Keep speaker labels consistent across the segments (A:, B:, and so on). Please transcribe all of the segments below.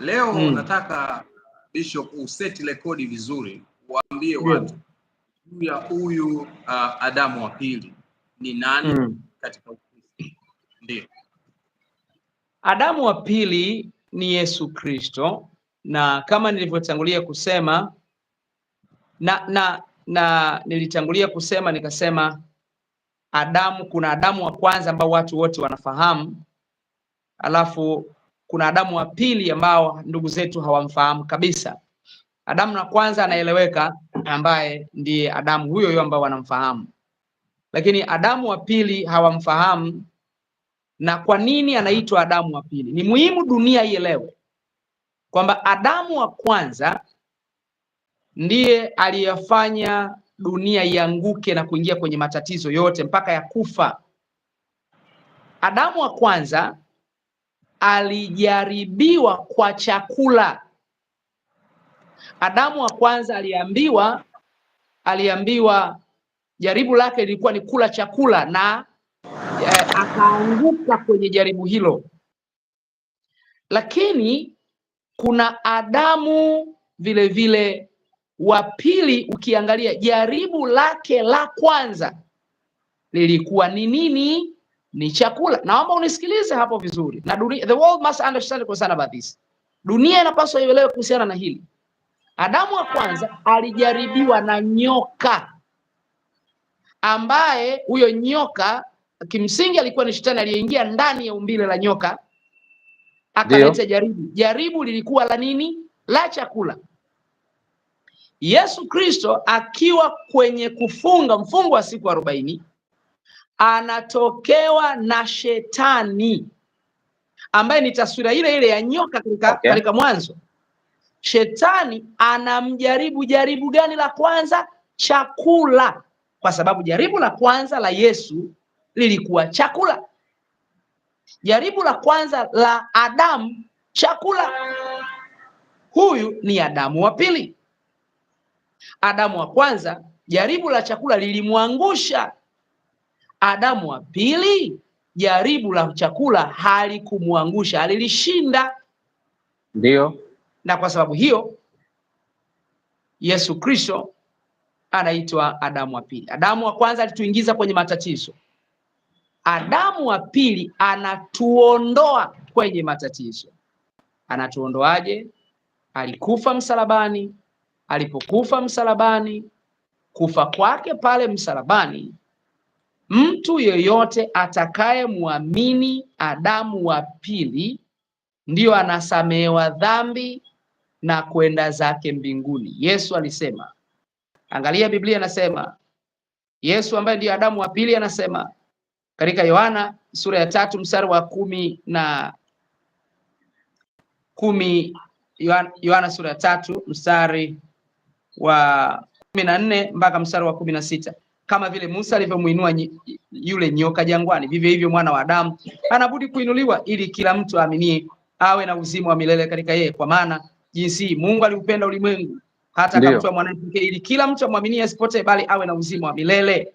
A: Leo mm. nataka Bishop useti rekodi vizuri, waambie watu juu ya huyu uh, Adamu wa pili ni nani mm. katika Ukristo.
B: Ndio, Adamu wa pili ni Yesu Kristo, na kama nilivyotangulia kusema na, na, na nilitangulia kusema nikasema Adamu, kuna Adamu wa kwanza ambao watu wote wanafahamu, alafu kuna Adamu wa pili ambao ndugu zetu hawamfahamu kabisa. Adamu na kwanza anaeleweka, ambaye ndiye Adamu huyo huyo ambao wanamfahamu, lakini Adamu wa pili hawamfahamu. Na kwa nini anaitwa Adamu wa pili? Ni muhimu dunia ielewe kwamba Adamu wa kwanza ndiye aliyefanya dunia ianguke na kuingia kwenye matatizo yote mpaka ya kufa. Adamu wa kwanza alijaribiwa kwa chakula. Adamu wa kwanza aliambiwa, aliambiwa jaribu lake lilikuwa ni kula chakula na eh, akaanguka kwenye jaribu hilo. Lakini kuna Adamu vile vile wa pili, ukiangalia jaribu lake la kwanza lilikuwa ni nini? ni chakula. Naomba unisikilize hapo vizuri, na dunia, the world must understand concern about this. Dunia inapaswa ielewe kuhusiana na hili. Adamu wa kwanza alijaribiwa na nyoka, ambaye huyo nyoka kimsingi alikuwa ni shetani aliyeingia ndani ya umbile la nyoka akaleta jaribu. Jaribu lilikuwa la nini? La chakula. Yesu Kristo akiwa kwenye kufunga mfungo wa siku arobaini anatokewa na shetani ambaye ni taswira ile ile ya nyoka katika okay. Mwanzo shetani anamjaribu jaribu gani la kwanza? Chakula, kwa sababu jaribu la kwanza la Yesu lilikuwa chakula. Jaribu la kwanza la Adamu chakula. Huyu ni Adamu wa pili. Adamu wa kwanza jaribu la chakula lilimwangusha Adamu wa pili jaribu la chakula halikumwangusha, alilishinda. ndio na kwa sababu hiyo Yesu Kristo anaitwa Adamu wa pili. Adamu wa kwanza alituingiza kwenye matatizo, Adamu wa pili anatuondoa kwenye matatizo. Anatuondoaje? Alikufa msalabani. Alipokufa msalabani, kufa kwake pale msalabani Mtu yeyote atakayemwamini Adamu wa pili ndiyo anasamehewa dhambi na kwenda zake mbinguni. Yesu alisema, angalia Biblia inasema, Yesu ambaye ndiyo Adamu wa pili anasema katika Yohana sura ya tatu mstari wa kumi na kumi, Yohana sura ya tatu mstari wa kumi na nne mpaka mstari wa kumi na sita kama vile Musa alivyomuinua yule nyoka jangwani, vivyo hivyo mwana wa Adamu anabudi kuinuliwa ili kila mtu aaminie awe na uzima wa milele katika yeye. Kwa maana jinsi Mungu aliupenda ulimwengu hata akamtoa mwanawe pekee, ili kila mtu amwaminie asipotee, bali awe na uzima wa milele.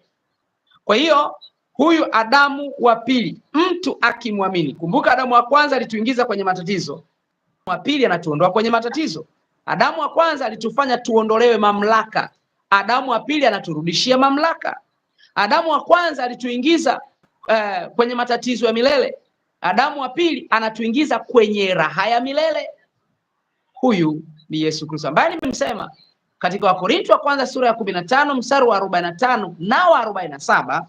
B: Kwa hiyo huyu Adamu wa pili, mtu akimwamini. Kumbuka Adamu wa kwanza alituingiza kwenye matatizo, wa pili anatuondoa kwenye matatizo. Adamu wa kwanza alitufanya tuondolewe mamlaka Adamu wa pili anaturudishia mamlaka. Adamu wa kwanza alituingiza eh, kwenye matatizo ya milele. Adamu wa pili anatuingiza kwenye raha ya milele. Huyu ni Yesu Kristo ambaye nimemsema katika Wakorintho wa kwanza sura ya kumi na tano mstari wa arobaini na tano na wa arobaini na saba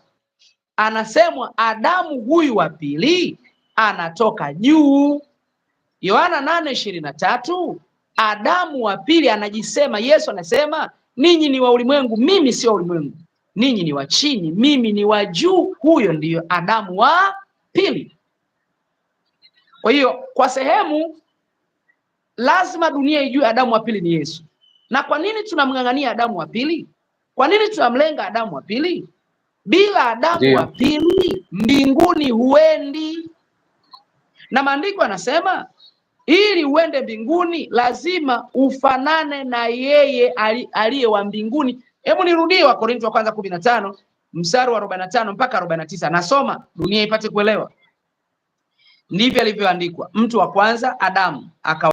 B: anasemwa Adamu huyu wa pili anatoka juu. Yohana nane ishirini na tatu Adamu wa pili anajisema, Yesu anasema ninyi ni wa ulimwengu, mimi si wa ulimwengu. Ninyi ni wa chini, mimi ni wa juu. Huyo ndiyo Adamu wa pili. Kwa hiyo kwa sehemu lazima dunia ijue Adamu wa pili ni Yesu. Na kwa nini tunamng'ang'ania Adamu wa pili? Kwa nini tunamlenga Adamu wa pili? Bila Adamu wa pili mbinguni huendi, na maandiko yanasema ili uende mbinguni lazima ufanane na yeye aliye wa mbinguni. Hebu nirudie Wakorintho wa kwanza kumi na tano mstari wa arobaini na tano mpaka arobaini na tisa nasoma dunia ipate kuelewa. Ndivyo alivyoandikwa, mtu wa kwanza Adamu akawa